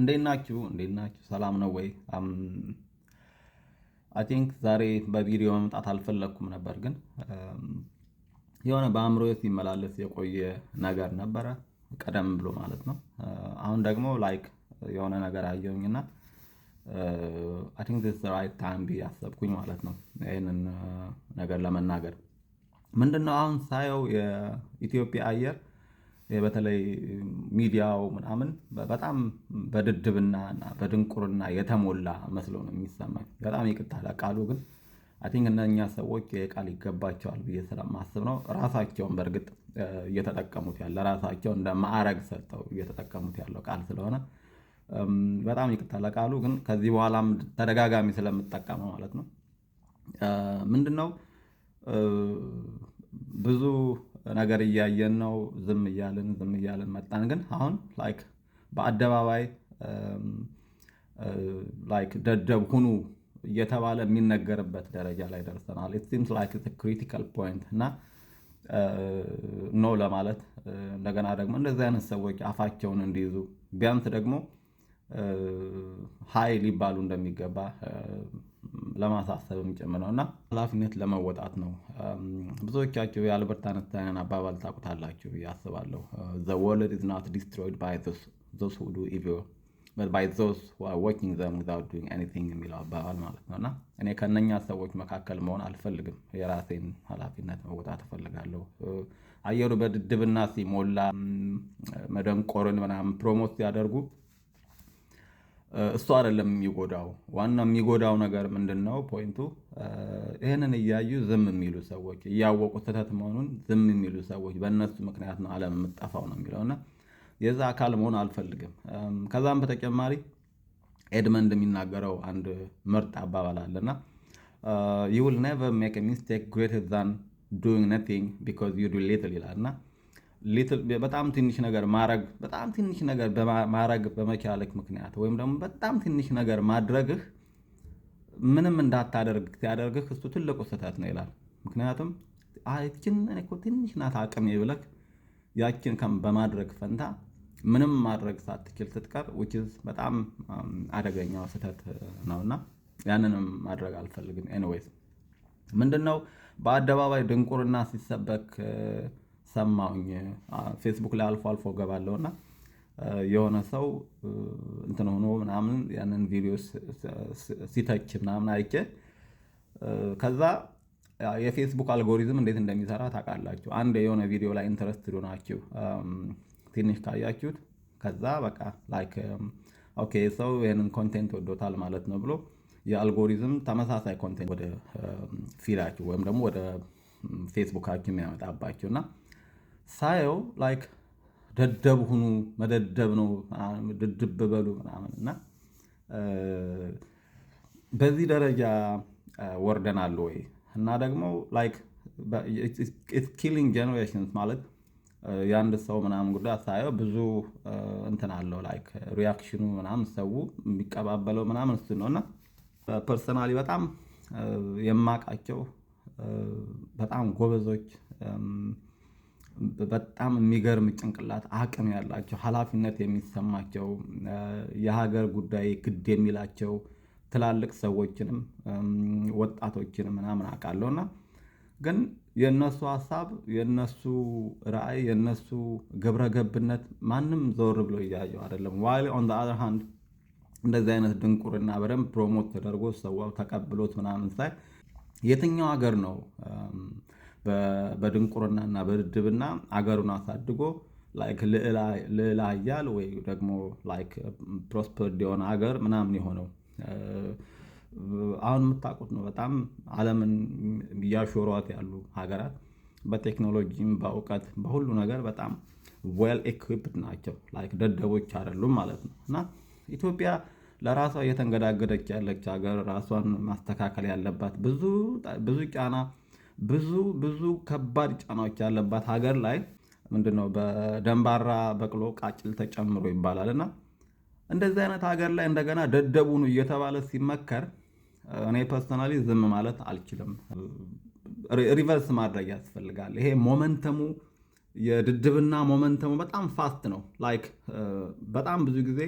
እንዴት ናችሁ? እንዴት ናችሁ? ሰላም ነው ወይ? አይ ቲንክ ዛሬ በቪዲዮ መምጣት አልፈለግኩም ነበር፣ ግን የሆነ በአእምሮ ሲመላለስ የቆየ ነገር ነበረ ቀደም ብሎ ማለት ነው። አሁን ደግሞ ላይክ የሆነ ነገር አየውኝና አይ ቲንክ ዚስ ራይት ታይም ብዬ አሰብኩኝ ማለት ነው ይህንን ነገር ለመናገር ምንድነው አሁን ሳየው የኢትዮጵያ አየር በተለይ ሚዲያው ምናምን በጣም በድድብና እና በድንቁርና የተሞላ መስሎ ነው የሚሰማኝ። በጣም ይቅርታ ለቃሉ ግን አይንክ እነኛ ሰዎች የቃል ይገባቸዋል ብዬ ስለማስብ ነው። ራሳቸውን በእርግጥ እየተጠቀሙት ያለ ራሳቸው እንደ ማዕረግ ሰጠው እየተጠቀሙት ያለው ቃል ስለሆነ በጣም ይቅርታ ለቃሉ ግን ከዚህ በኋላም ተደጋጋሚ ስለምጠቀመው ማለት ነው ምንድን ነው ብዙ ነገር እያየን ነው። ዝም እያልን ዝም እያልን መጣን። ግን አሁን ላይክ በአደባባይ ላይክ ደደብ ሁኑ እየተባለ የሚነገርበት ደረጃ ላይ ደርሰናል። ኢት ሲምስ ላይክ ክሪቲካል ፖይንት እና ኖ ለማለት እንደገና ደግሞ እንደዚህ አይነት ሰዎች አፋቸውን እንዲይዙ ቢያንስ ደግሞ ሀይ ሊባሉ እንደሚገባ ለማሳሰብም ጭምር ነው እና ኃላፊነት ለመወጣት ነው። ብዙዎቻችሁ የአልበርት አነስታንን አባባል ታውቁታላችሁ ብዬ አስባለሁ። ዘ ወርልድ ኢዝ ናት ዲስትሮይድ ዞስ ሁሉ ኢቪል ባይ ዞስ ዘም ዊዛውት ዱይንግ ኤኒቲንግ የሚለው አባባል ማለት ነው እና እኔ ከነኛ ሰዎች መካከል መሆን አልፈልግም። የራሴን ኃላፊነት መወጣት እፈልጋለሁ። አየሩ በድድብና ሲሞላ መደንቆርን ምናምን ፕሮሞት ሲያደርጉ እሱ አይደለም የሚጎዳው። ዋናው የሚጎዳው ነገር ምንድን ነው? ፖይንቱ ይህንን እያዩ ዝም የሚሉ ሰዎች፣ እያወቁ ስህተት መሆኑን ዝም የሚሉ ሰዎች፣ በእነሱ ምክንያት ነው ዓለም የምጠፋው ነው የሚለውና የዛ አካል መሆን አልፈልግም። ከዛም በተጨማሪ ኤድመንድ የሚናገረው አንድ ምርጥ አባባል አለና ዩ ዊል ኔቨር ሜክ ሚስቴክ ግሬተር ዛን ዱይንግ ነቲንግ ቢኮዝ ዩ ዱ ሊትል ይላል እና በጣም ትንሽ ነገር ማረግ በጣም ትንሽ ነገር ማረግ በመቻልህ ምክንያት ወይም ደግሞ በጣም ትንሽ ነገር ማድረግህ ምንም እንዳታደርግ ሲያደርግህ እሱ ትልቁ ስህተት ነው ይላል። ምክንያቱም ይችን እኮ ትንሽ ናት አቅሜ ብለክ ያችን በማድረግ ፈንታ ምንም ማድረግ ሳትችል ስትቀር በጣም አደገኛው ስህተት ነውና ያንንም ማድረግ አልፈልግም። ኤኒዌይስ ምንድነው በአደባባይ ድንቁርና ሲሰበክ ሰማሁኝ። ፌስቡክ ላይ አልፎ አልፎ ገባለሁ እና የሆነ ሰው እንትን ሆኖ ምናምን ያንን ቪዲዮ ሲተች ምናምን አይቼ ከዛ የፌስቡክ አልጎሪዝም እንዴት እንደሚሰራ ታውቃላችሁ። አንድ የሆነ ቪዲዮ ላይ ኢንተረስትዱ ሆናችሁ ትንሽ ካያችሁት ከዛ በቃ ላይክ ኦኬ ሰው ይህንን ኮንቴንት ወዶታል ማለት ነው ብሎ የአልጎሪዝም ተመሳሳይ ኮንቴንት ወደ ፊዳችሁ ወይም ደግሞ ወደ ፌስቡካችሁ የሚያመጣባችሁ እና ሳየው ላይክ ደደብ ሁኑ መደደብ ነው ድድብ በሉ ምናምን እና በዚህ ደረጃ ወርደናል ወይ እና ደግሞ ላይክ ኪሊንግ ጀኔሬሽንስ ማለት የአንድ ሰው ምናምን ጉዳት ሳየው ብዙ እንትን አለው ላይክ ሪያክሽኑ ምናምን ሰው የሚቀባበለው ምናምን እሱ ነው እና ፐርሰናሊ በጣም የማውቃቸው በጣም ጎበዞች በጣም የሚገርም ጭንቅላት አቅም ያላቸው ኃላፊነት የሚሰማቸው የሀገር ጉዳይ ግድ የሚላቸው ትላልቅ ሰዎችንም ወጣቶችንም ምናምን አውቃለሁ እና ግን የእነሱ ሀሳብ የእነሱ ራዕይ የእነሱ ግብረ ገብነት ማንም ዞር ብሎ እያየው አይደለም። ዋይል ኦን አዘር ሃንድ እንደዚህ አይነት ድንቁርና በደንብ ፕሮሞት ተደርጎ ሰው ተቀብሎት ምናምን ሳይ የትኛው ሀገር ነው በድንቁርናና በድድብና አገሩን አሳድጎ ላይክ ልዕላ እያል ወይ ደግሞ ፕሮስፐርድ የሆነ ሀገር ምናምን የሆነው አሁን የምታውቁት ነው። በጣም ዓለምን እያሾሯት ያሉ ሀገራት በቴክኖሎጂም በእውቀት በሁሉ ነገር በጣም ዌል ኢኩፕድ ናቸው። ላይክ ደደቦች አይደሉም ማለት ነው። እና ኢትዮጵያ ለራሷ እየተንገዳገደች ያለች ሀገር ራሷን ማስተካከል ያለባት ብዙ ጫና ብዙ ብዙ ከባድ ጫናዎች ያለባት ሀገር ላይ ምንድነው በደንባራ በቅሎ ቃጭል ተጨምሮ ይባላል እና እንደዚህ አይነት ሀገር ላይ እንደገና ደደቡኑ እየተባለ ሲመከር እኔ ፐርሰናሊ ዝም ማለት አልችልም። ሪቨርስ ማድረግ ያስፈልጋል። ይሄ ሞመንተሙ የድድብና ሞመንተሙ በጣም ፋስት ነው። ላይክ በጣም ብዙ ጊዜ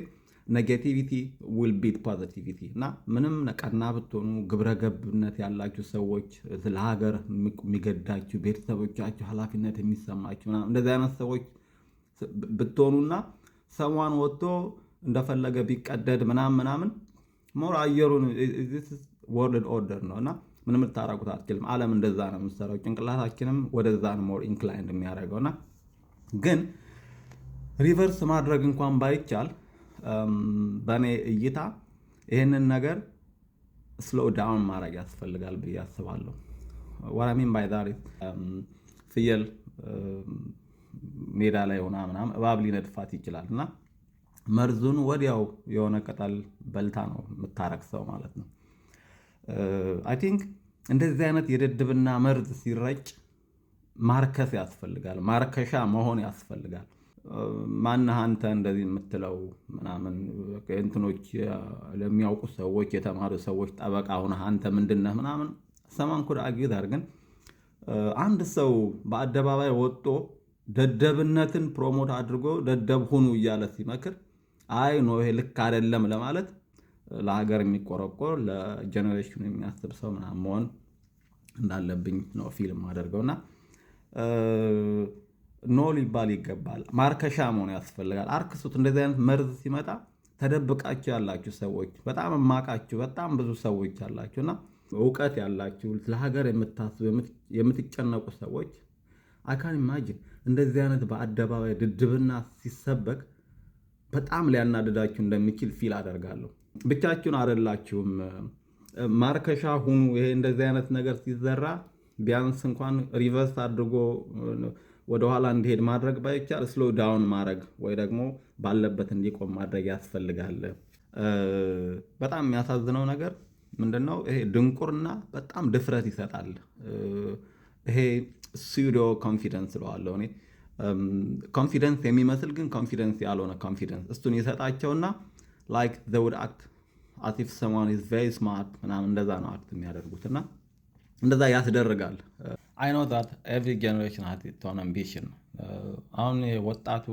ኔጌቲቪቲ ዊል ቢት ፖዘቲቪቲ እና ምንም ቀና ብትሆኑ ግብረገብነት ያላችሁ ሰዎች ለሀገር የሚገዳችሁ ቤተሰቦቻችሁ ኃላፊነት የሚሰማችሁ እንደዚህ አይነት ሰዎች ብትሆኑና ሰሟን ወጥቶ እንደፈለገ ቢቀደድ ምናምን ምናምን ሞር አየሩን ወርልድ ኦርደር ነው እና ምንም ልታረጉት አትችልም። ዓለም እንደዛ ነው የምሰራው ጭንቅላታችንም ወደዛ ነው ሞር ኢንክላይንድ የሚያደርገው እና ግን ሪቨርስ ማድረግ እንኳን ባይቻል በእኔ እይታ ይህንን ነገር ስሎው ዳውን ማድረግ ያስፈልጋል ብዬ አስባለሁ። ወራሚን ባይዛሪ ፍየል ሜዳ ላይ ሆና ምናምን እባብ ሊነድፋት ይችላል እና መርዙን ወዲያው የሆነ ቅጠል በልታ ነው የምታረክሰው ማለት ነው። አይ ቲንክ እንደዚህ አይነት የድድብና መርዝ ሲረጭ ማርከስ ያስፈልጋል፣ ማርከሻ መሆን ያስፈልጋል። ማነህ አንተ እንደዚህ የምትለው ምናምን እንትኖች ለሚያውቁ ሰዎች የተማሩ ሰዎች ጠበቃ ሁነህ አንተ ምንድነህ ምናምን ሰማን ኩድ አጊዛር ግን አንድ ሰው በአደባባይ ወጦ ደደብነትን ፕሮሞት አድርጎ ደደብ ሁኑ እያለ ሲመክር አይ ኖ ይሄ ልክ አይደለም ለማለት ለሀገር የሚቆረቆር ለጀኔሬሽኑ የሚያስብ ሰው ምናምን መሆን እንዳለብኝ ነው ፊልም አደርገውና ኖ ሊባል ይገባል። ማርከሻ መሆን ያስፈልጋል። አርክሱት። እንደዚህ አይነት መርዝ ሲመጣ ተደብቃችሁ ያላችሁ ሰዎች በጣም የማውቃችሁ በጣም ብዙ ሰዎች ያላችሁ እና እውቀት ያላችሁ ለሀገር የምታስቡ የምትጨነቁ ሰዎች አካን ኢማጂን እንደዚህ አይነት በአደባባይ ድድብና ሲሰበክ በጣም ሊያናድዳችሁ እንደሚችል ፊል አደርጋለሁ። ብቻችሁን አደላችሁም፣ ማርከሻ ሁኑ። ይሄ እንደዚህ አይነት ነገር ሲዘራ ቢያንስ እንኳን ሪቨርስ አድርጎ ወደኋላ እንዲሄድ ማድረግ ባይቻል ስሎ ዳውን ማድረግ ወይ ደግሞ ባለበት እንዲቆም ማድረግ ያስፈልጋል። በጣም የሚያሳዝነው ነገር ምንድነው? ይሄ ድንቁርና በጣም ድፍረት ይሰጣል። ይሄ ሱዶ ኮንፊደንስ እለዋለሁ እኔ። ኮንፊደንስ የሚመስል ግን ኮንፊደንስ ያልሆነ ኮንፊደንስ እሱን ይሰጣቸውና ላይክ ዘውድ አክት አሲፍ ሰማን ስ ቬሪ ስማርት ምናምን እንደዛ ነው አክት የሚያደርጉት እና እንደዛ ያስደርጋል። አይኖ ዛት ኤቭሪ ጀኔሬሽን ቶን አምቢሽን ነው። አሁን ወጣቱ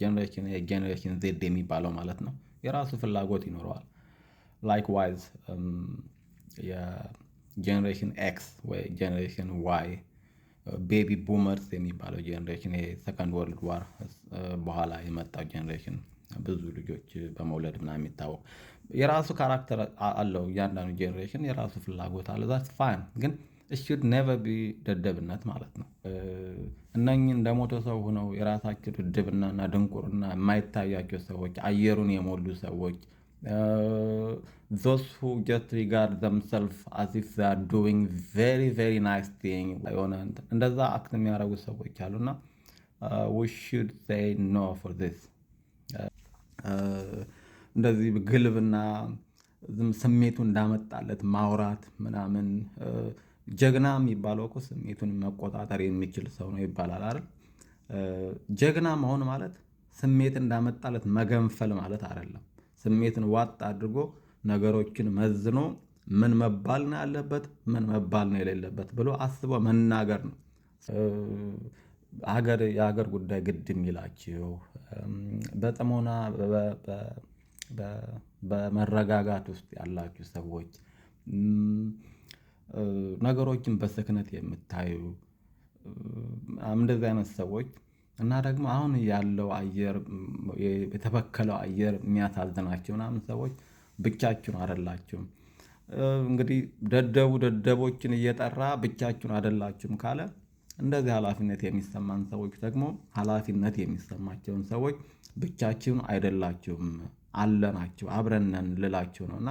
ጀኔሬሽን የጀኔሬሽን ዜድ የሚባለው ማለት ነው የራሱ ፍላጎት ይኖረዋል። ላይክዋይዝ የጀኔሬሽን ኤክስ ወይ ጀኔሬሽን ዋይ ቤቢ ቡመርስ የሚባለው ጀኔሬሽን የሰከንድ ወርልድ ዋር በኋላ የመጣው ጀኔሬሽን ብዙ ልጆች በመውለድ ምናምን የሚታወቅ የራሱ ካራክተር አለው። እያንዳንዱ ጄኔሬሽን የራሱ ፍላጎት አለ። ፋይን ግን እሹድ ኔቨር ቢ ደደብነት ማለት ነው። እነኝህ እንደ ሞተ ሰው ሆነው የራሳቸው እና ድንቁርና የማይታያቸው ሰዎች፣ አየሩን የሞሉ ሰዎች ዞስ ሁ ጀስት ሪጋርድ ዘምሰልፍ አስ ኢፍ ዛር ዱዊንግ ቬሪ ቬሪ ናይስ ቲንግ የሆነ እንደዛ አክት የሚያደርጉ ሰዎች አሉና ዊ ሹድ ሴይ ኖ ፎር ዚስ እንደዚህ ግልብና ስሜቱ እንዳመጣለት ማውራት ምናምን። ጀግና የሚባለው እኮ ስሜቱን መቆጣጠር የሚችል ሰው ነው ይባላል አይደል? ጀግና መሆን ማለት ስሜት እንዳመጣለት መገንፈል ማለት አይደለም። ስሜትን ዋጥ አድርጎ ነገሮችን መዝኖ ምን መባል ነው ያለበት፣ ምን መባል ነው የሌለበት ብሎ አስቦ መናገር ነው። የሀገር ጉዳይ ግድ የሚላችሁ በጥሞና በመረጋጋት ውስጥ ያላችሁ ሰዎች ነገሮችን በስክነት የምታዩ እንደዚህ አይነት ሰዎች እና ደግሞ አሁን ያለው አየር የተበከለው አየር የሚያሳዝናቸው ምናምን ሰዎች ብቻችሁን አይደላችሁም። እንግዲህ ደደቡ ደደቦችን እየጠራ ብቻችሁን አይደላችሁም ካለ እንደዚህ ሀላፊነት የሚሰማን ሰዎች ደግሞ ሀላፊነት የሚሰማቸውን ሰዎች ብቻችሁን አይደላችሁም አለናቸው አብረነን ልላቸው ነውና